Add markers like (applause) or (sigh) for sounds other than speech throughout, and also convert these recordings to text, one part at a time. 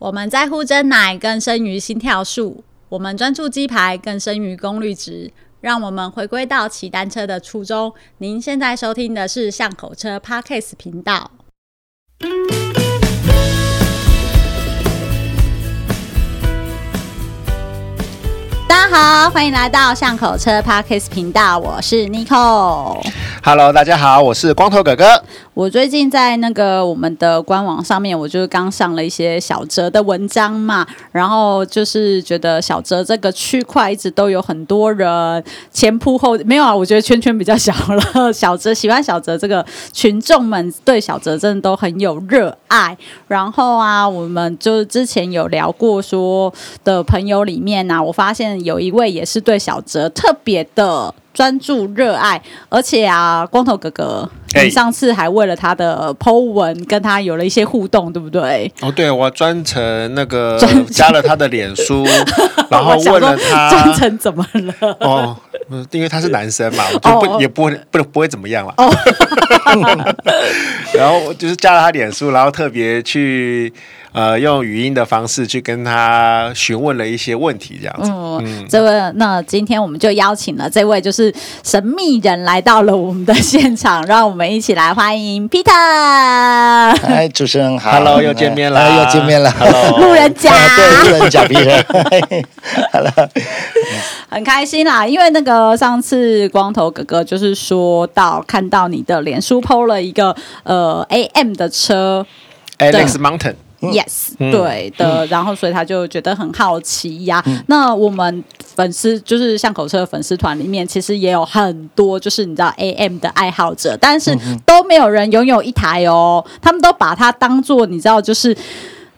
我們在乎真奶，更勝於心跳數；我們專注雞排，更勝於功率值。讓我們回歸到騎單車的初衷。您現在收聽的是巷口車 Podcast 頻道。大家好，歡迎來到巷口車 Podcast 頻道，我是 Nico。Hello，大家好，我是光頭哥哥。我最近在那個我們的官網上面，我就是剛上了一些小折的文章嘛，然後就是覺得小折這個區塊一直都有很多人前仆後繼。沒有啊，我覺得圈圈比較小了。小折、喜歡小折這個群眾們對小折真的都很有熱愛。然後啊，我們就是之前有聊過說的朋友裡面呢、啊，我發現有一位也是對小折特別的專注熱愛，而且啊，光頭哥哥，你上次還為了他的 Po 文跟他有了一些互動，對不對？哦，對，我專程那個專程加了他的臉書， (laughs) 然後問了他專程怎麼了？哦，因為他是男生嘛，我就不哦哦也不會不不，不會怎麼樣了。然後就是加了他臉書，然後特別去呃用語音的方式去跟他詢問了一些問題，這樣子。哦、嗯，嗯、這位那今天我們就邀請了這位就是神秘人來到了我們的現場， (laughs) 讓我們。我們一起來歡迎 Peter。嗨，主持人好，Hello，、嗯、又見面了、啊，又見面了。Hello. (laughs) 路人甲家， (laughs) (laughs) 對，路人甲 Peter。好了，很開心啦，因為那個上次光頭哥哥就是說到看到你的臉書 PO 了一個呃 AM 的車的，Alex Moulton。Yes，、嗯、對的，嗯、然後所以他就覺得很好奇呀、啊。嗯、那我們粉絲就是巷口車粉絲團裡面，其實也有很多就是你知道 AM 的愛好者，但是都沒有人擁有一台哦。他們都把它當做你知道就是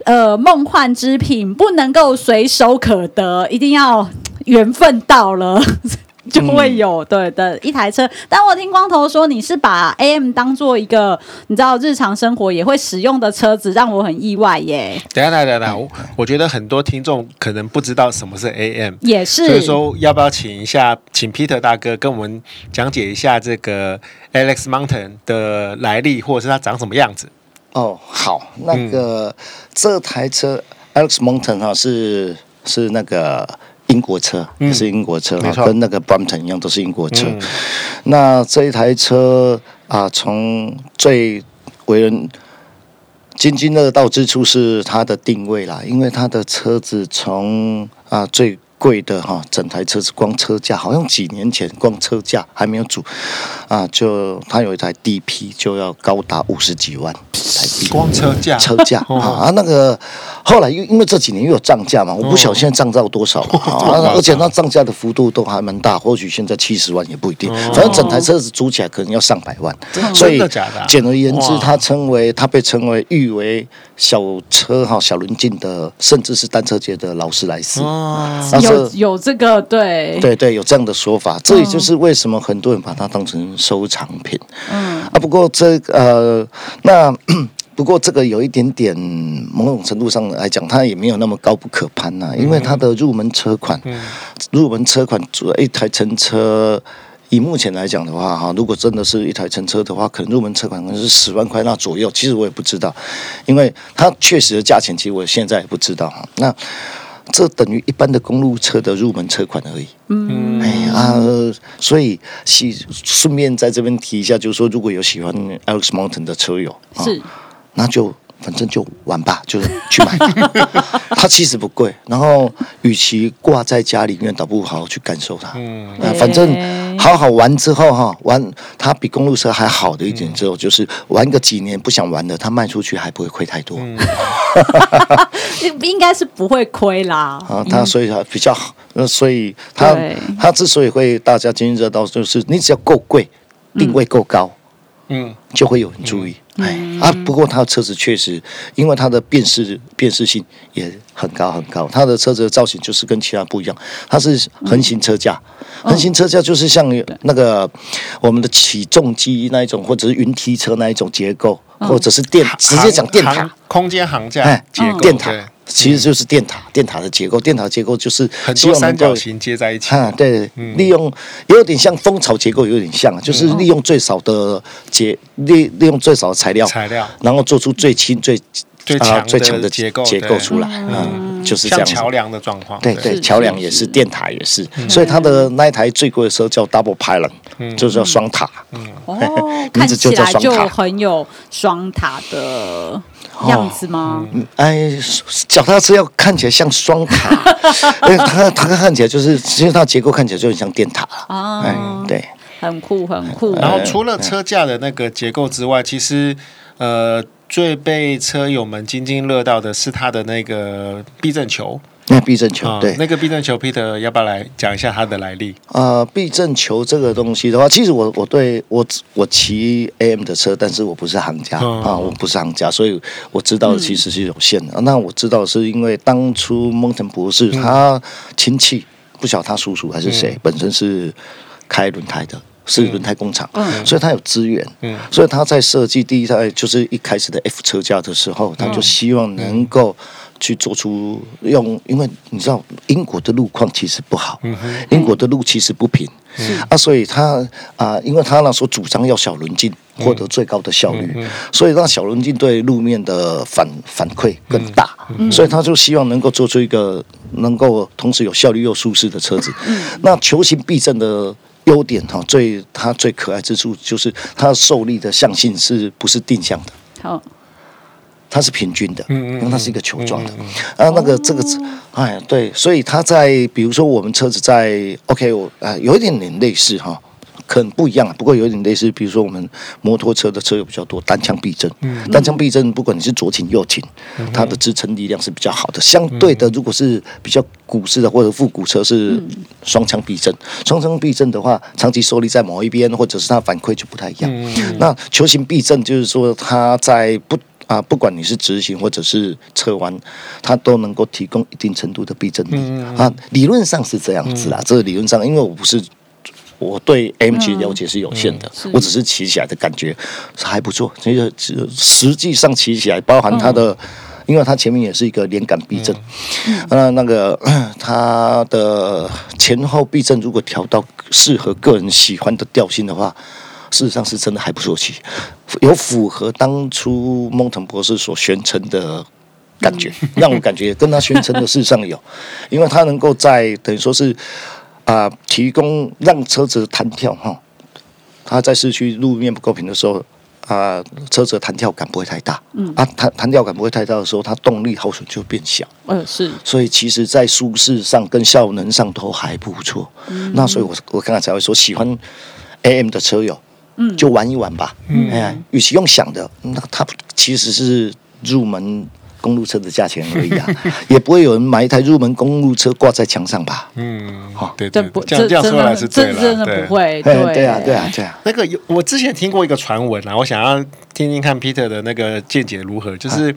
呃夢幻之品，不能夠隨手可得，一定要緣分到了。就會有、嗯、對的一台車，但我聽光頭說你是把 AM 當做一個你知道日常生活也會使用的車子，讓我很意外耶。等下，等下，等下，我覺得很多聽眾可能不知道什麼是 AM，也是，所以說要不要請一下，嗯、請 Peter 大哥跟我們講解一下這個 Alex Moulton 的來歷，或者是它長什麼樣子？哦，好，那個、嗯、這台車 Alex Moulton 哈、啊，是是那個。英國車也是英國車，跟那個 Brompton 一樣，都是英國車。嗯、那這一台車啊，從最為人津津樂道之處是它的定位啦，因為它的車子從啊最貴的哈、啊，整台車子光車價，好像幾年前光車價還沒有組啊，就它有一台 DP 就要高達五十幾萬台幣，光車價、嗯、車價 (laughs) 啊，呵呵啊那個。後來因因為這幾年又有漲價嘛，我不曉得現在漲到多少啊，而且它漲價的幅度都還蠻大，或許現在七十萬也不一定，反正整台車子租起來可能要上百萬。所以簡而言之，它稱為它被稱為譽為小車哈小輪徑的，甚至是單車界的勞斯萊斯。哦，有有這個，對對對，有這樣的說法。這也就是為什麼很多人把它當成收藏品。嗯啊，不過這呃那。不過這個有一點點，某種程度上來講，它也沒有那麼高不可攀吶、啊。因為它的入門車款，入門車款，一台成車，以目前來講的話，哈，如果真的是一台成車的話，可能入門車款可能是十萬塊那左右。其實我也不知道，因為它確實的價錢，其實我現在也不知道。那這等於一般的公路車的入門車款而已。嗯，哎呀、呃，所以是，順便在這邊提一下，就是說，如果有喜歡 Alex Moulton 的車友、啊，是。那就反正就玩吧，就是去買。 (laughs) 它其實不貴，然後與其掛在家裡面，倒不如好好去感受它。嗯、反正，對好好玩之後哈，玩它比公路車還好的一點，之後、嗯、就是玩個幾年不想玩的，它賣出去還不會虧太多。嗯、 (laughs) 你應該是不會虧啦。啊，它所以他比較好，那、呃、所以它對它之所以會大家經營熱到就是你只要夠貴，定位夠高，嗯、就會有人注意。嗯哎，啊！不過他的車子確實，因為它的辨識辨識性也很高很高。他的車子的造型就是跟其他不一樣，它是橫行車架，嗯、橫行車架就是像那個、哦、我們的起重機那一種，或者是雲梯車那一種結構，哦、或者是電直接講電塔空間桁架結構。其實就是電塔，電塔的結構，電塔結構就是希望能夠很多三角形接在一起。啊，對，利用有點像蜂巢結構，有點像，就是利用最少的結，利利用最少的材料，材料然後做出最輕、最最強、最強的結構結構出來。嗯，就是這樣。橋樑的狀況，對對，橋樑也是，電塔也是，所以它的那一台最貴的時候叫 Double Pylon，就是叫雙塔。嗯，哦，看起來就很有雙塔的樣子嗎？哦嗯、哎，腳踏車要看起來像雙塔，因為它它， (laughs) 看起來就是，其實它結構看起來就很像電塔了。哦、哎，對，很酷，很酷，很酷，嗯。然後除了車架的那個結構之外，嗯，其實呃。最被車友們津津樂道的是他的那個避震球，那避震球，呃、對，那個避震球，Peter，要不要來講一下它的來歷？呃，避震球這個東西的話，其實我我對我我騎 AM 的車，但是我不是行家、嗯、啊，我不是行家，所以我知道的其實是有限的。嗯啊、那我知道是因為當初蒙騰博士、嗯、他親戚不曉得他叔叔還是誰，嗯、本身是開輪胎的。是輪胎工廠，嗯、所以他有資源，嗯嗯、所以他，在設計第一台，就是一開始的 F 車架的時候，他就希望能夠去做出用，嗯嗯、因為你知道英國的路況其實不好，嗯嗯、英國的路其實不平，嗯嗯、啊，所以他啊、呃，因為他那時候主張要小輪徑，獲得最高的效率，嗯嗯嗯嗯、所以讓小輪徑對路面的反反饋更大，嗯嗯、所以他就希望能夠做出一個能夠同時有效率又舒適的車子。嗯嗯、那球形避震的。優點哈、哦，最它最可愛之處就是它受力的向性是不是定向的？好，它是平均的，嗯，嗯嗯，因為它是一個球狀的，嗯嗯嗯啊，那個這個，哦、哎，對，所以它在比如說我們車子在，OK，我啊、哎，有一點點類似哈。哦可能不一樣，不過有點類似，比如說我們摩托車的車友比較多，單槍避震，單槍避震，不管你是左傾右傾，它的支撐力量是比較好的。相對的，如果是比較古式的或者復古車是雙槍避震，雙槍避震的話，長期受力在某一邊，或者是它反饋就不太一樣。那球形避震就是說，它在不啊，不管你是直行或者是車彎，它都能夠提供一定程度的避震力啊。理論上是這樣子啦，這是理論上，因為我不是。我對 AM 了解是有限的，嗯嗯、我只是騎起，起來的感覺還不錯。其實實際上騎起，起來，包含它的，嗯、因為它前面也是一個連桿避震，那、嗯啊、那個、呃、它的前後避震如果調到適合個人喜歡的調性的話，事實上是真的還不錯騎，有符合當初蒙騰博士所宣稱的感覺，嗯、讓我感覺跟他宣稱的事實上有，因為它能夠在等於說是。啊、呃，提供讓車子彈跳哈，他在市區路面不夠平的時候，啊、呃，車子彈跳感不會太大。嗯，啊，彈彈跳感不會太大的時候，它動力耗損就變小。嗯、呃，是。所以其實，在舒適上跟效能上都還不錯。嗯、嗯，那所以我，我我剛剛才會說，喜歡 AM 的車友，嗯，就玩一玩吧。嗯，欸，與其用想的，那他其實是入門。公路車的價錢而已啊，也不會有人買一台入門公路車掛在牆上吧？嗯，哈、哦，對，這這樣說來是真真的，真的不會，對對，對，對啊，對啊，對啊。那個有，我之前聽過一個傳聞啊，我想要聽聽看 Peter 的那個見解如何，就是、啊、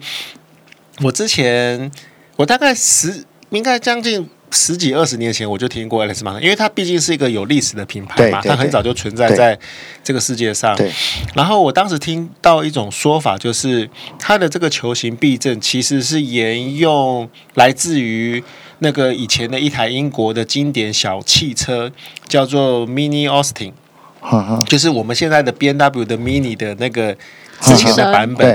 我之前我大概十應該將近。十幾二十年前我就聽過 Alex Moulton，因為它畢竟是一個有歷史的品牌嘛，它很早就存在在這個世界上。然後我當時聽到一種說法，就是它的這個球形避震其實是沿用來自於那個以前的一台英國的經典小汽車，叫做 Mini Austin，就是我們現在的 BMW 的 Mini 的那個之前的版本。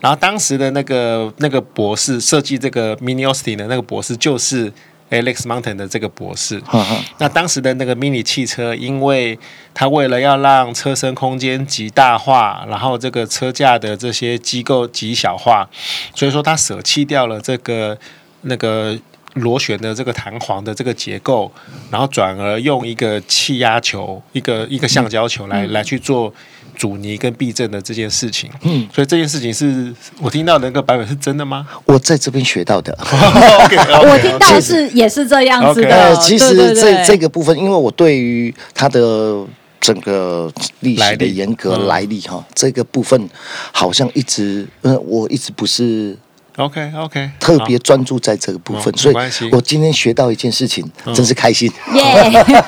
然後當時的那個那個博士設計這個 Mini Austin 的那個博士就是。Alex Moulton 的這個博士，呵呵，那當時的那個 Mini 汽車，因為它為了要讓車身空間極大化，然後這個車架的這些機構極小化，所以說它捨棄掉了這個那個。螺旋的這個彈簧的這個結構，然後轉而用一個氣壓球、一個一個橡膠球來、嗯、來去做阻尼跟避震的這件事情。嗯，所以這件事情是我聽到的那個版本是真的嗎？我在這邊學到的，我聽到是 (laughs) 實也是這樣子的 Okay、呃。其實這對對對這個部分，因為我對於它的整個歷史的嚴格來歷歷哈、嗯，這個部分好像一直嗯、呃，我一直不是。OK OK，特別專注在這個部分，哦、所以我今天學到一件事情，哦、真是開心、嗯 yeah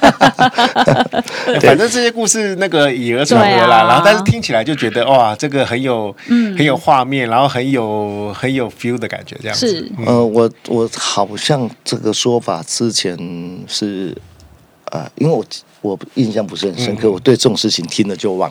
欸。反正這些故事那個以訛傳訛了、啊、然後但是聽起來就覺得哇，這個很有嗯很有畫面，然後很有很有 feel 的感覺，這樣子。是嗯、呃，我我好像這個說法之前是、呃、因為我我印象不是很深刻，嗯、我對這種事情聽了就忘。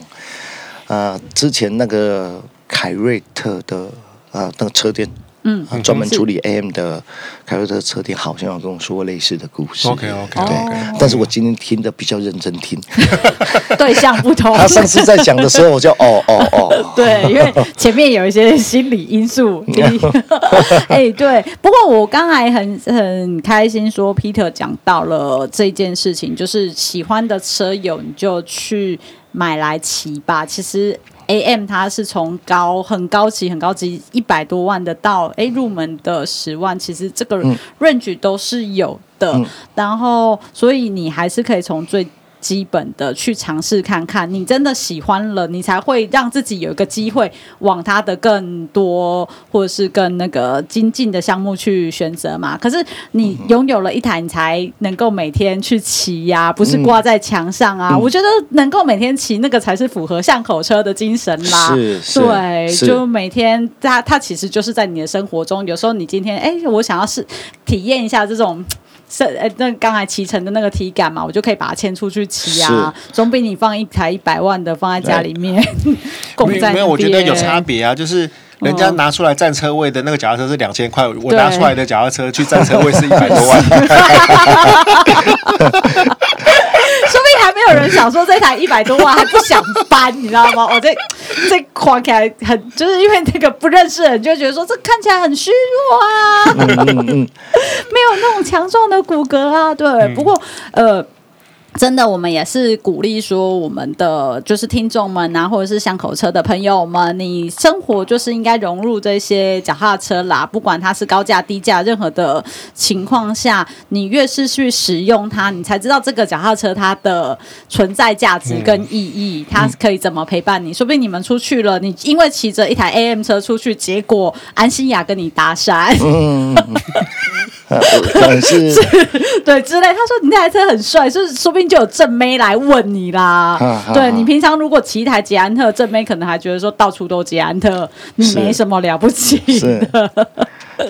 啊、呃，之前那個凱瑞特的。啊，那個車店，嗯，專門處理 AM 的凱路特車店，好像有跟我說過類似的故事。嗯、對 OK OK, okay, okay, okay. 對，okay. 但是我今天聽的比較認真聽。 (laughs) 對象不同。 (laughs) 他上次在講的時候，我就哦哦 (laughs) 哦。哦對，因為前面有一些心理因素。哎，對。不過我剛才很很開心，說 Peter 講到了這件事情，就是喜歡的車友你就去買來騎吧。其實。AM 它是從高很高級很高級一百多萬的到誒入門的十萬，其實這個 range 都是有的，嗯、然後所以你還是可以從最。基本的去嘗試看看，你真的喜歡了，你才會讓自己有一個機會往它的更多，或者是更那個精進的項目去選擇嘛。可是你擁有了一台，你才能夠每天去騎呀、啊，不是掛在牆上啊。嗯、我覺得能夠每天騎那個才是符合巷口車的精神啦。是，是對，是就每天它它其實就是在你的生活中。有時候你今天哎、欸，我想要試體驗一下這種。是，那剛才騎乘的那個體感嘛，我就可以把它牽出去騎啊，總比是你放一台一百萬的放在家裡面對供在那邊。沒有，我覺得有差別啊，就是人家拿出來占車位的那個腳踏車是兩千塊，哦、我拿出來的腳踏車去占車位是一百多萬。 (laughs) (laughs) (laughs) 還沒有人想說這台一百多萬還不想搬， (laughs) 你知道嗎？我這這看起來很，就是因為那個不認識人就覺得說，這看起來很虛弱啊。嗯，嗯嗯， (laughs) 沒有那種強壯的骨骼啊。對，嗯、不過呃。真的，我們也是鼓勵說，我們的就是聽眾們啊，或者是巷口車的朋友們，你生活就是應該融入這些腳踏車啦。不管它是高價、低價，任何的情況下，你越是去使用它，你才知道這個腳踏車它的存在價值跟意義，嗯、它可以怎麼陪伴你。說不定你們出去了，你因為騎着一台 AM 車出去，結果安心亞跟你搭訕。嗯 (laughs) 啊、可能是是對，對之類。他說：“你那台車很帥，所以說不定就有正妹來問你啦。啊”對，啊、你平常如果騎一台捷安特，正妹可能還覺得說到處都捷安特，是你沒什麼了不起。 (laughs)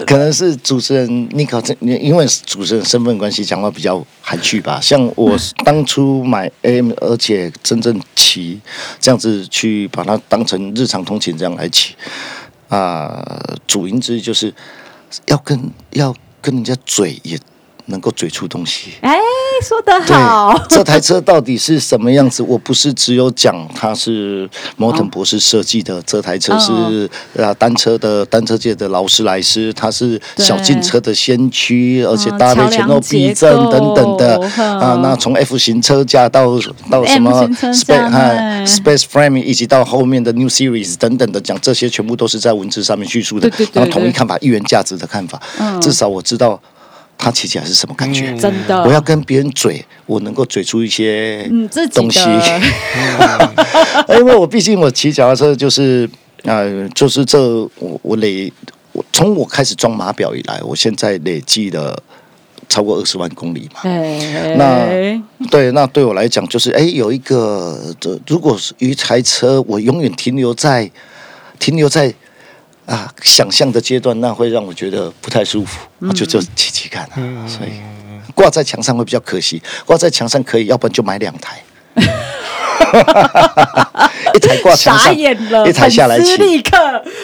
可能是主持人你搞正，因為主持人身份關係，講話比較含蓄吧。像我當初買 M， (laughs) 而且真正騎這樣子去把它當成日常通勤這樣來騎啊、呃，主因之一就是要跟要。跟人家嘴也。能夠嘴出東西，哎，說得好。對，這台車到底是什麼樣子？我不是只有講它是摩頓博士設計的，這台車是啊，單車的單車界的勞斯萊斯，它是小徑車的先驅，而且搭配前後避震等等的啊。那從 F 型車架到到什麼 Space Space Frame，以及到後面的 New Series 等等的，講這些全部都是在文字上面敘述的。然後統一看法，一元價值的看法。至少我知道。他騎起來是什麼感覺？嗯、真的，我要跟別人嘴，我能夠嘴出一些東西。因為我畢竟我騎腳踏車就是啊、呃，就是這我我累，從我，我開始裝碼表以來，我現在累計了超過二十萬公里嘛。欸、那對那對我來講，就是哎、欸，有一個這，如果是一台車我永遠停留在停留在。啊，想象的階段，那會讓我覺得不太舒服，嗯、就就騎騎看啊。嗯、所以掛在牆上會比較可惜，掛在牆上可以，要不然就買兩台， (laughs) (laughs) 一台掛牆上傻眼了，一台下來立刻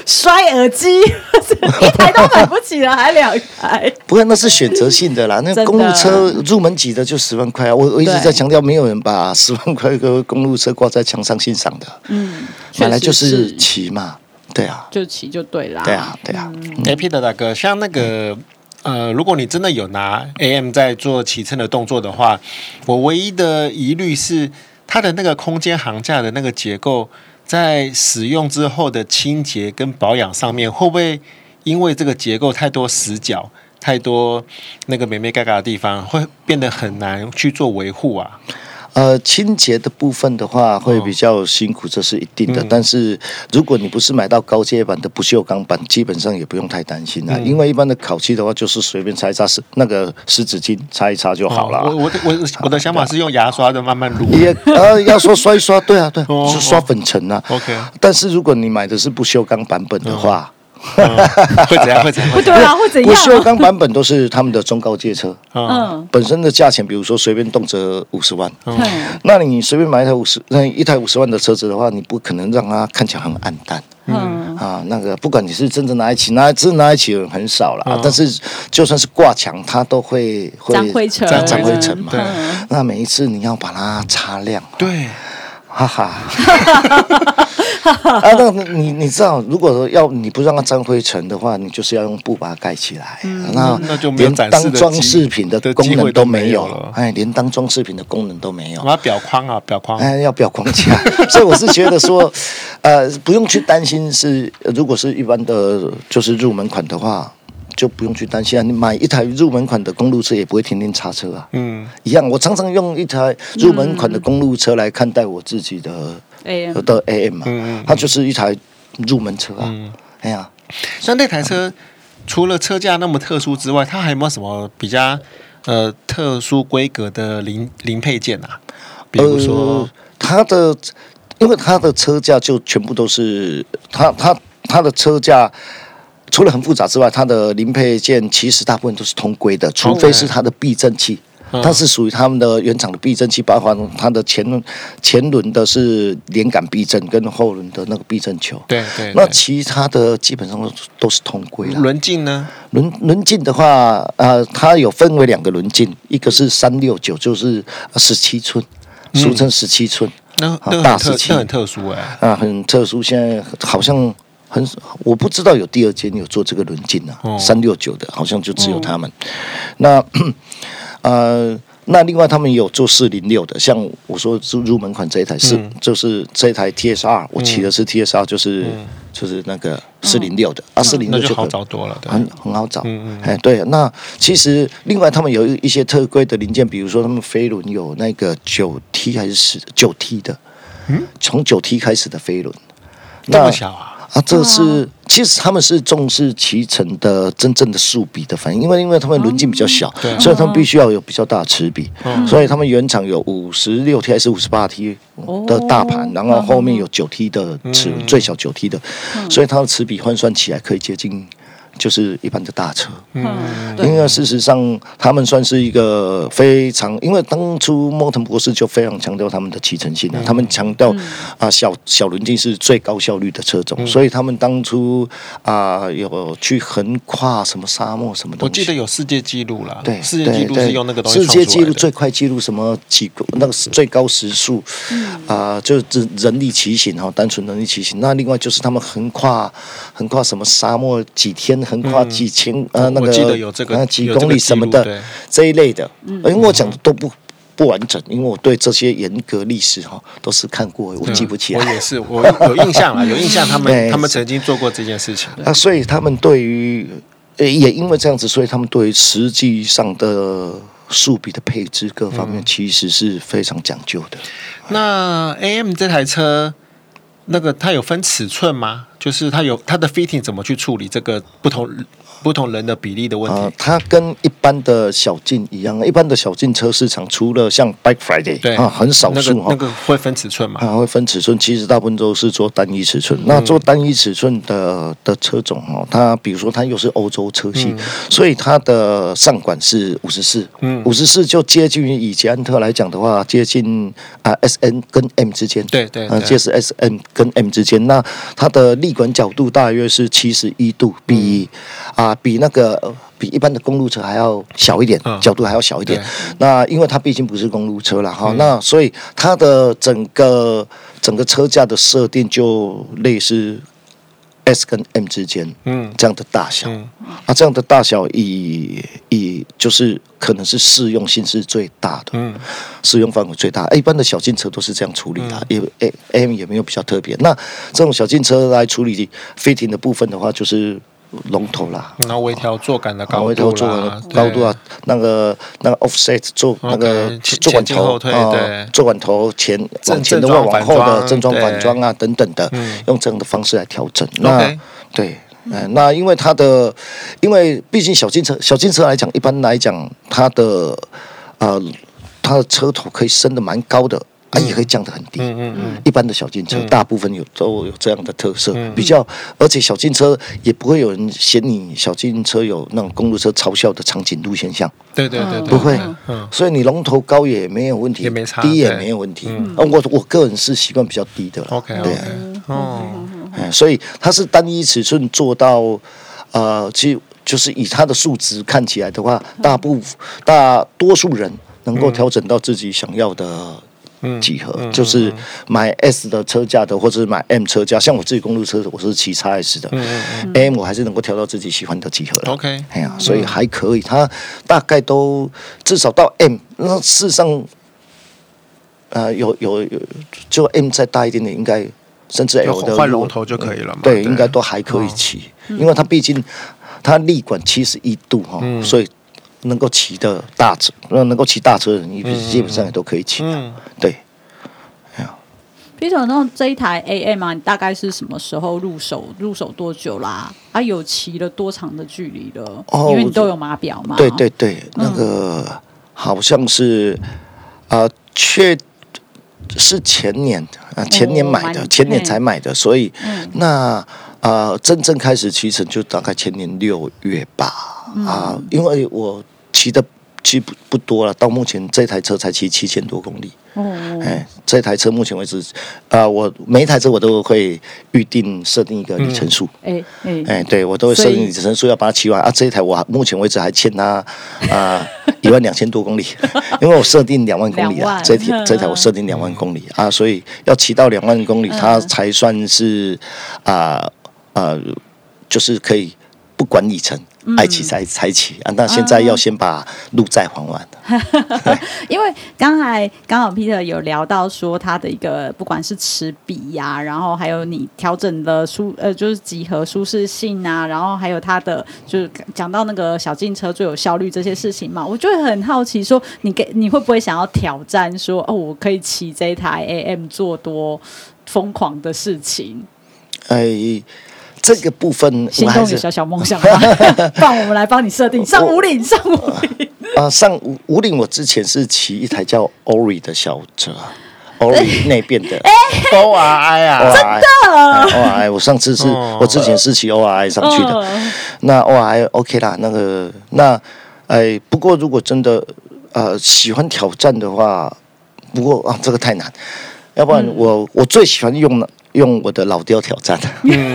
摔耳機，不是 (laughs) 一台都買不起了，還兩台。不過那是選擇性的啦，那個，公路車入門級的就十萬塊啊。我我一直在強調，沒有人把十萬塊一個公路車掛在牆上欣賞的，嗯，本來就是騎嘛。對啊，就騎就對啦。對啊，對啊。Peter、嗯欸、的大哥，像那個呃、如果你真的有拿 AM 在做騎乘的動作的話，我唯一的疑慮是它的那個空間桁架，的那個結構，在使用之後的清潔跟保養上面，會不會因為這個結構太多死角、太多那個眉眉角角的地方，會變得很難去做維護啊？呃，清潔的部分的話會比較辛苦，哦、這是一定的。嗯、但是如果你不是買到高階版的不鏽鋼版，基本上也不用太擔心啊。嗯、因為一般的烤漆的話，就是隨便擦一擦，那個濕紙巾擦一擦就好了、哦。我我我我的想法是用牙刷的慢慢擼。啊、也呃，要說刷一刷， (laughs) 對啊對，哦、是刷粉塵啊。OK 啊、哦。哦、但是如果你買的是不鏽鋼版本的話。嗯嗯 (laughs) 嗯、會怎樣？會怎樣？不鏽鋼版本都是他們的中高階車，嗯，本身的價錢，比如說隨便動輒五十萬，嗯，那你隨便買一台五十，那一台五十萬的車子的話，你不可能讓它看起來很暗淡，嗯啊，那個不管你是真正拿一起，拿，真正拿一起的人很少了，啊、嗯，但是就算是掛牆，它都會會沾灰塵，沾灰塵嘛，嗯、對，那每一次你要把它擦亮，對。哈哈， (laughs) 啊，那你你知道，如果說要你不讓它沾灰塵的話，你就是要用布把它蓋起來。那、嗯、後那就連當裝飾品的功能都沒有，都沒有了。哎，連當裝飾品的功能都沒有。啊，裱框啊，裱框，哎，要裱框起來， (laughs) 所以我是覺得說，呃，不用去擔心是，如果是一般的，就是入門款的話。就不用去擔心啊，你買一台入門款的公路車也不會天天擦車啊。嗯，一樣。我常常用一台入門款的公路車來看待我自己的、嗯、的 AM 嘛、啊，嗯嗯、它就是一台入門車啊。哎呀、嗯，像、啊、那台車、嗯、除了車架那麼特殊之外，它還有沒有什麼比較呃特殊規格的零零配件啊？比如說、呃、它的，因為它的車架就全部都是它它它的車架。除了很複雜之外，它的零配件其實大部分都是通規的，除非是它的避震器，它是屬於他們的原廠的避震器。包含它的前輪前輪的是連桿避震，跟後輪的那個避震球。對,對對。那其他的基本上都都是通規了。輪徑呢？輪輪徑的話，呃，它有分為兩個輪徑，一個是三六九，就是十七寸，俗稱十七寸。那很大十七很特殊哎、欸，啊、呃，很特殊。現在好像。很，我不知道有第二間有做這個輪徑啊，三六九的，好像就只有他們。那呃，那另外他們有做四零六的，像我說入入門款這一台是，就是這台 T S R，我騎的是 T S R，就是就是那個四零六的。啊，四零六就好找多了，很很好找。哎，對，那其實另外他們有一一些特規的零件，比如說他們飛輪有那個九 T 還是十九 T 的，嗯，從九 T 開始的飛輪那麼小啊。啊，這是其實他們是重視騎乘的真正的速比的反應，因為因為他們輪徑比較小，嗯、所以他們必須要有比較大的齒比，嗯、所以他們原廠有五十六 T 還是五十八 T 的大盤，哦、然後後面有九 T 的齒、嗯、最小九 T 的，嗯、所以它的齒比換算起來可以接近。就是一般的大車，嗯，因為事實上他們算是一個非常，因為當初莫騰博士就非常強調他們的騎乘性啊，嗯、他們強調、嗯、啊，小小輪徑是最高效率的車種，嗯、所以他們當初啊、呃、有去橫跨什麼沙漠什麼的。我記得有世界紀錄了，對、嗯，世界紀錄是用那個東西，世界紀錄最快紀錄什麼幾那個最高時速，啊、嗯呃，就是人力騎行哈，單純人力騎行，那另外就是他們橫跨橫跨什麼沙漠幾天。橫跨幾千呃，那個幾公里什麼的這一類的，嗯，因為我講的都不不完整，因為我對這些嚴格歷史哈都是看過，我記不起來。我也是，我有印象了，有印象他們他們曾經做過這件事情啊，所以他們對於呃，也因為這樣子，所以他們對於實際上的速比的配置各方面其實是非常講究的。那 AM 這台車。那個它有分尺寸嗎？就是它有它的 fitting 怎麼去處理這個不同？不同人的比例的問題啊、呃，它跟一般的小徑一樣，一般的小徑車市場除了像 Bike Friday，對啊，很少數哈、那個，那個會分尺寸嘛，啊，會分尺寸，其實大部分都是做單一尺寸。嗯、那做單一尺寸的的車種哈，它比如說它又是歐洲車系，嗯、所以它的上管是五十四，嗯，五十四就接近於以捷安特來講的話，接近啊 S N 跟 M 之間，對對，啊、呃，接是 S N 跟 M 之間。那它的立管角度大約是七十一度 B，嗯、啊。比那個比一般的公路車還要小一點，哦、角度還要小一點。對那因為它畢竟不是公路車了哈，嗯、那所以它的整個整個車架的設定就類似 S 跟 M 之間，嗯，這嗯、啊，這樣的大小。那這樣的大小以以就是可能是適用性是最大的，嗯，適用範圍最大。哎、一般的小徑車都是這樣處理的，有哎、嗯、M 也沒有比較特別。那這種小徑車來處理 fitting 的部分的話，就是。龍頭啦，那微調坐感的高位頭，微調坐感的高度啊，那個那個 offset 坐那個坐桿頭啊，坐桿頭前往前的話，往後的正裝反裝啊等等的，用這樣的方式來調整。那對，嗯，那因為它的，因為畢竟小金車，小金車來講，一般來講，它的啊，它的車頭可以升的蠻高的。啊，也可以降得很低。嗯嗯嗯。一般的小徑車大部分有都有這樣的特色，比較而且小徑車也不會有人嫌你小徑車有那種公路車嘲笑的長頸鹿現象。對對對。不會。所以你龍頭高也沒有問題，也沒差，低也沒有問題。我我個人是習慣比較低的。了。OK。所以它是單一尺寸做到，呃，其實就是以它的數值看起來的話，大部大多數人能夠調整到自己想要的。幾何、嗯嗯、就是買 S 的車架的，或者是買 M 車架。像我自己公路車的，我是騎叉 S 的 S、嗯嗯、S，M 我還是能夠調到自己喜歡的幾何的。OK，哎呀、啊，所以還可以。它、嗯、大概都至少到 M，那事實上，呃、有有有，就 M 再大一點點，應該甚至 L 的換龍頭就可以了嘛。嘛、嗯，對，對應該都還可以騎，嗯、因為它畢竟它立管七十一度哈，嗯、所以。能夠騎的大車，那能夠騎大車的人，你基本上也都可以騎的，嗯、對。嗯、比如說，那這一台 AM 啊，你大概是什麼時候入手？入手多久啦、啊？啊，有騎了多長的距離了哦，因為你都有碼表嘛。對對對，那個好像是，嗯、呃，確是前年啊，呃、前年買的，哦、前年才買的，欸、所以、嗯、那呃，真正開始騎乘就大概前年六月吧。啊，因為我騎的騎不不多了，到目前這台車才騎七千多公里。嗯哎，這台車目前為止，啊，我每一台車我都會預定設定一個里程數。哎哎，對我都會設定里程數，要把它騎完啊。這一台我目前為止還欠它啊一萬兩千多公里，因為我設定兩萬公里啊。兩萬。這台這台我設定兩萬公里啊，所以要騎到兩萬公里它才算是啊啊，就是可以。不管里程，愛騎才才騎啊！那現在要先把路債還完。 (laughs) 對因為剛才剛好 Peter 有聊到說他的一個不管是齒比呀，啊，然後還有你調整的舒呃就是幾何舒適性啊，然後還有他的就是講到那個小徑車最有效率這些事情嘛，我就很好奇說你給你會不會想要挑戰說哦，我可以騎這一台 AM 做多瘋狂的事情？哎、欸。這個部分，心中有小小夢想，讓我們來幫你設定上武嶺，上武嶺啊，上武武嶺。我之前是騎一台叫 Ori 的小車，Ori 內變的，Ori 啊，真的？Ori。我上次是我之前是騎 Ori 上去的，那 Ori OK 啦，那個那哎，不過如果真的呃喜歡挑戰的話，不過啊，這個太難，要不然我我最喜歡用的。用我的老雕挑戰，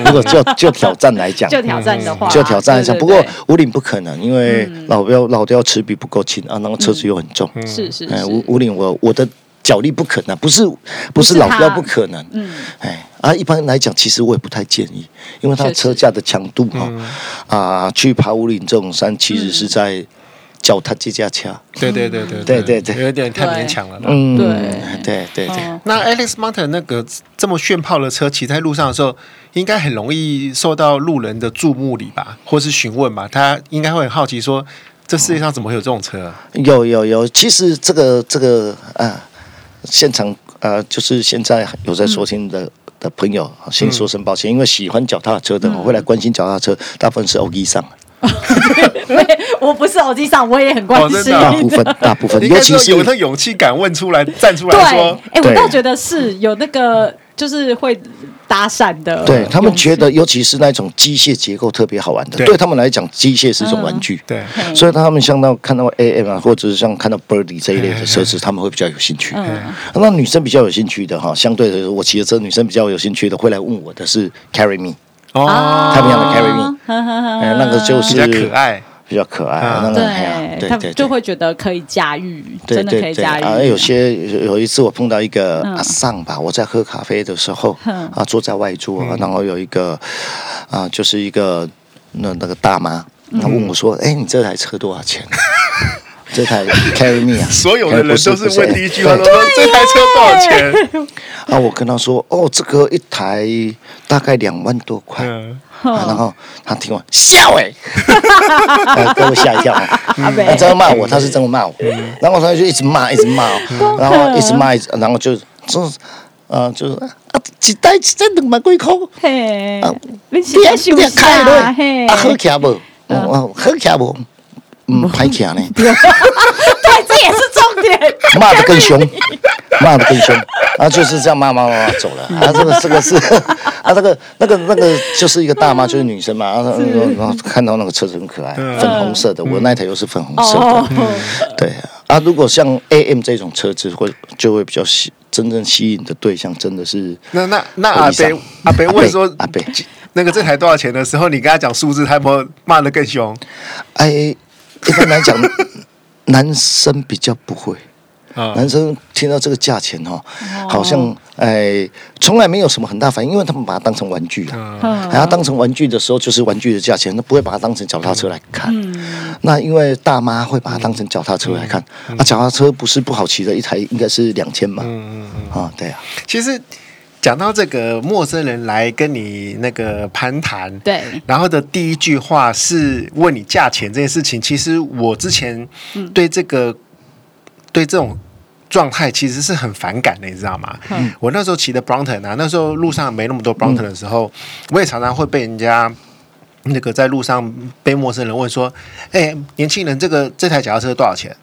如果就就挑戰來講， (laughs) 就挑戰的話，就挑戰一下。對對對，不過武嶺不可能，因為老雕老刁齒比不夠輕啊，然後車子又很重。嗯，欸、是是，是，武武嶺我我的腳力不可能，不是不是老雕不可能。嗯、欸，啊，一般來講，其實我也不太建議，因為它車架的強度啊啊，去爬武嶺這種山，其實是在。嗯腳踏這架車啊，對對對對對對對，對對對，有點太勉強了。對嗯，對對對對。對對對，那 Alex Moulton 那個這麼炫炮的車，騎在路上的時候，應該很容易受到路人的注目禮吧，或是詢問吧？他應該會很好奇，說這世界上怎麼會有這種車，啊嗯？有有有，其實這個這個啊，現場啊，就是現在有在說聽的、嗯、的朋友，先說聲抱歉，因為喜歡腳踏車的、嗯、會來關心腳踏車，大部分是歐吉桑。 (laughs) (laughs) 對，對我不是耳機上，我也很關心。哦，真的啊、大部分、大部分，尤其是有那勇氣敢問出來、站出來說。對，哎、欸，我倒覺得是對、嗯、有那個，就是會搭訕的。對他們覺得，尤其是那種機械結構特別好玩的，對，對他們來講，機械是一種玩具。嗯、對，所以他們像到看到 AM 啊，或者是像看到 Birdy 這一類的車子、欸欸欸、他們會比較有興趣、嗯嗯啊。那女生比較有興趣的哈，相對的，我騎著車女生比較有興趣的會來問我的是 Carry Me。哦，太平洋的 Carry Me，哎，那個就是比較可愛，比較可愛，對，對對，就會覺得可以駕馭，真的可以駕馭。啊，有些有一次我碰到一個阿桑吧，我在喝咖啡的時候，啊，坐在外桌，然後有一個，啊，就是一個那那個大媽，她問我說：“哎，你這台車多少錢？”這台 Carry Me 啊，所有的人都是問第一句話，說，這台車多少錢？啊，我跟他說，哦，這個一台大概兩萬多塊。然後他聽完笑，哎，各我嚇一跳，他這樣罵我，他是這樣罵我。然後他就一直罵，一直罵，然後一直罵，一直，然後就就是，啊，就是啊，幾代真的蠻貴哦，啊，你幾代修一下啊，好看不？啊，好看不？嗯，拍卡呢？對，這也是重點。罵得更凶，罵得更凶，啊，就是這樣罵罵罵走了。啊，這個這個是，啊，那個那個那個就是一個大媽，就是女生嘛，看到那個車子很可愛，粉紅色的，我那台又是粉紅色的。對啊，如果像 AM 這種車子，會就會比較吸，真正吸引的對象真的是。那那那阿北阿北，問說阿北，那個這台多少錢的時候，你跟他講數字，他有沒有罵得更凶？哎。 (laughs) 一般來講，男生比較不會。哦、男生聽到這個價錢哈、哦，哦、好像哎、呃，從來沒有什麼很大反應，因為他們把它當成玩具啊。把、哦哎、它當成玩具的時候，就是玩具的價錢，那不會把它當成腳踏車來看。嗯、那因為大媽會把它當成腳踏車來看，那、嗯啊、腳踏車不是不好騎的，一台應該是兩千嘛。嗯嗯、哦、對啊，其實。講到這個陌生人來跟你那個攀談，對，然後的第一句話是問你價錢這件事情。其實我之前對這個、嗯、對這種狀態其實是很反感的，你知道嗎？嗯，我那時候騎的 Brompton 啊，那時候路上沒那麼多 Brompton 的時候，嗯、我也常常會被人家那個在路上被陌生人問說：“哎、欸，年輕人、這個，這個這台腳踏車多少錢？”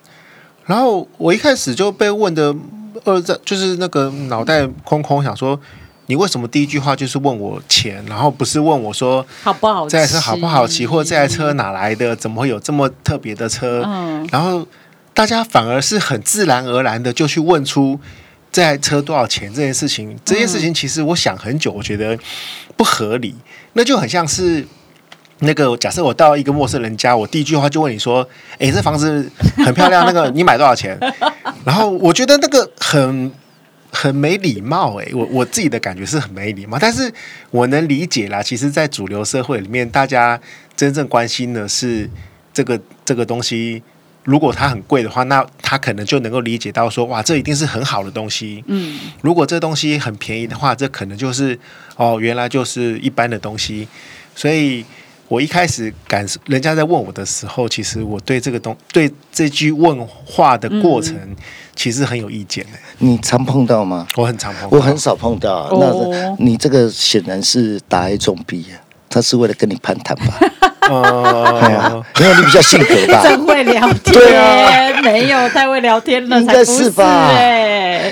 然後我一開始就被問的。呃，這就是那個腦袋空空，想說你為什麼第一句話就是問我錢，然後不是問我說好不好？這台車好不好騎？嗯、或者這台車哪來的？怎麼會有這麼特別的車？嗯、然後大家反而是很自然而然的就去問出這台車多少錢這件事情。嗯、這件事情其實我想很久，我覺得不合理，那就很像是。那個假設我到一個陌生人家，我第一句話就問你說：“哎，這房子很漂亮， (laughs) 那個你買多少錢？”然後我覺得那個很很沒禮貌，欸，哎，我我自己的感覺是很沒禮貌，但是我能理解啦。其實，在主流社會裡面，大家真正關心的是這個這個東西。如果它很貴的話，那他可能就能夠理解到說：“哇，這一定是很好的東西。”嗯。如果這東西很便宜的話，這可能就是哦，原來就是一般的東西，所以。我一開始感受人家在問我的時候，其實我對這個東對這句問話的過程，嗯、其實很有意見、欸、你常碰到嗎？我很常碰到，我很少碰到。哦、那，你這個顯然是打一種比，他是為了跟你攀談吧？沒有，你比較性格吧？真會聊天， (laughs) 對啊，沒有太會聊天了、欸，應該是吧？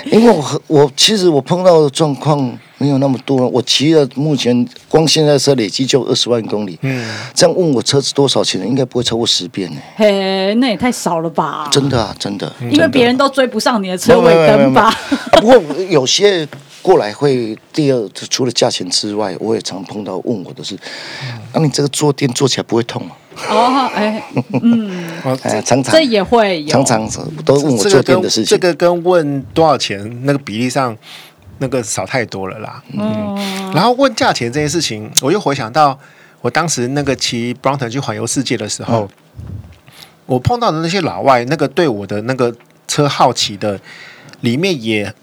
因為我我其實我碰到的狀況。沒有那麼多，我騎了目前光現在車累計就二十萬公里。嗯，這樣問我車子多少錢，應該不會超過十遍呢。嘿，那也太少了吧？真的啊，真的。嗯、因為別人都追不上你的車、嗯、尾燈吧？不過有些過來會第二，除了價錢之外，我也常碰到問我的是：那、嗯啊、你這個坐墊坐起來不會痛嗎、啊？哦，哎，嗯， (laughs) 哎、常，常、啊、這，這也會有，常常都問我坐墊的事情。這個跟問多少錢那個比例上。那個少太多了啦，嗯，嗯、然後問價錢這件事情，我又回想到我當時那個騎 Brompton 去環遊世界的時候，嗯、我碰到的那些老外，那個對我的那個車好奇的，裡面也。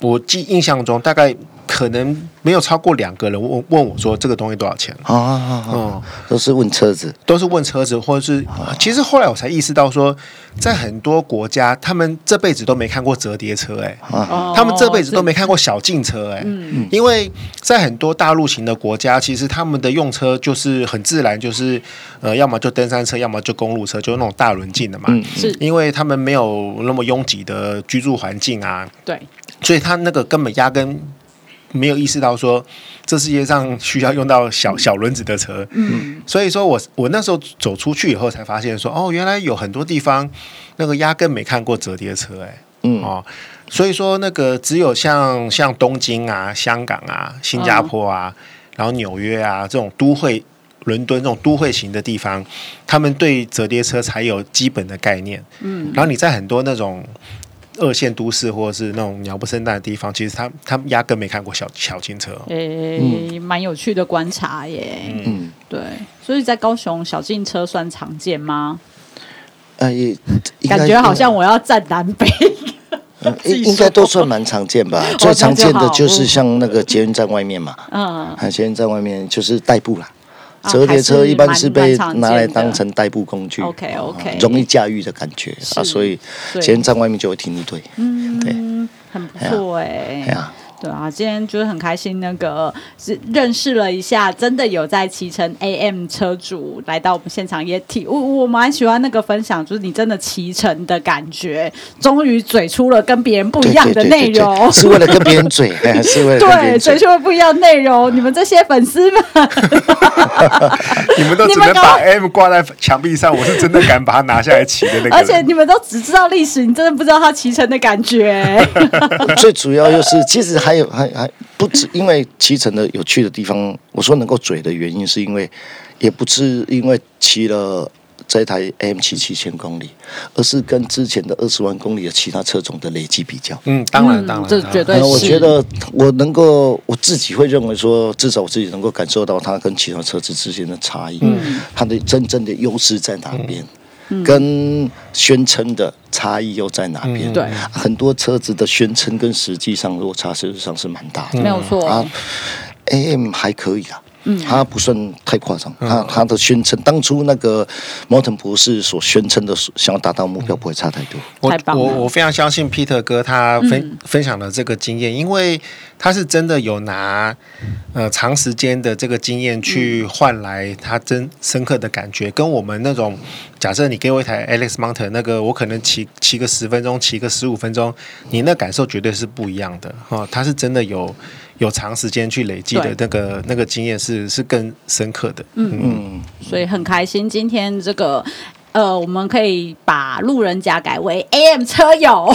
我記印象中，大概可能沒有超過兩個人問問我說，這個東西多少錢？哦，都是問車子，都是問車子，車子或者是……其實後來我才意識到說，說在很多國家，他們這輩子都沒看過摺疊車、欸，哎、哦，他們這輩子都沒看過小徑車、欸，哎，嗯、因為在很多大陸型的國家，其實他們的用車就是很自然，就是呃，要麼就登山車，要麼就公路車，就是，那種大輪徑的嘛，嗯、是因為他們沒有那麼擁擠的居住環境啊，對。所以他那個根本壓根沒有意識到說，這世界上需要用到小小輪子的車。嗯，所以說我我那時候走出去以後才發現說，哦，原來有很多地方那個壓根沒看過折疊車，誒，嗯，哦，所以說那個只有像像東京啊、香港啊、新加坡啊，然後紐約啊這種都會、倫敦這種都會型的地方，他們對折疊車才有基本的概念。嗯，然後你在很多那種。二線都市或者是那種鳥不生蛋的地方，其實他他壓根沒看過小小徑車。哦。誒、欸，蠻有趣的觀察耶。嗯，對。所以在高雄小徑車算常見嗎？呃，感覺好像我要站南北。應該 (laughs) 說都算蠻常見吧。最常見的就是像那個捷運站外面嘛，嗯，啊、捷運站外面就是代步啦。折疊車一般是被拿來當成代步工具，容易駕馭的感覺是啊，所以現對在外面就會停一堆，嗯、對很不錯、欸對啊，今天就是很開心，那個認識了一下，真的有在騎乘 AM 車主來到我們現場，也體我我蠻喜歡那個分享，就是你真的騎乘的感覺，終於嘴出了跟別人不一樣的內容，對對對對對，是為了跟別人嘴， (laughs) 是為了嘴對嘴出了不一樣內容，你們這些粉絲們， (laughs) 你們都只能把 AM 掛在牆壁上，我是真的敢把它拿下來騎的那個，而且你們都只知道歷史，你真的不知道它騎乘的感覺，最主要就是其實。還有還還不止，因為騎乘的有趣的地方，我說能夠嘴的原因，是因為也不是因為騎了這台 M 七七千公里，而是跟之前的二十萬公里的其他車種的累積比較。嗯，當然當然，嗯、這絕對是。我覺得我能夠我自己會認為說，至少我自己能夠感受到它跟其他車子之間的差異，嗯、它的真正的優勢在哪邊？嗯跟宣稱的差異又在哪邊？嗯、很多車子的宣稱跟實際上落差，事實上是蠻大的。沒有錯，AM 還可以啊。嗯，他不算太誇張，他、嗯、他的宣稱，當初那個 Moulton 博士所宣稱的想要達到目標不會差太多。太棒了。我我我非常相信 Peter 哥他分、嗯、分享的這個經驗，因為他是真的有拿呃長時間的這個經驗去換來他真深刻的感覺，嗯、跟我們那種假設你給我一台 Alex Moulton 那個，我可能騎騎個十分鐘，騎個十五分鐘，你那感受絕對是不一樣的哈、哦。他是真的有。有長時間去累積的那個那個經驗是是更深刻的，嗯嗯，所以很開心今天這個呃，我們可以把路人甲改為 AM 車友，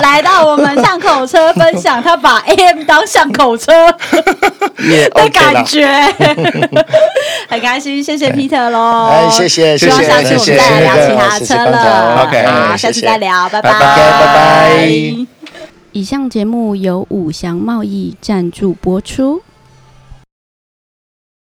來到我們巷口車分享，他把 AM 當巷口車的感覺，很開心，謝謝 Peter 嘍，哎，謝謝，希望下次我們再來聊其他車了，OK，好，下次再聊，拜拜，拜拜。以上節目由五祥貿易贊助播出。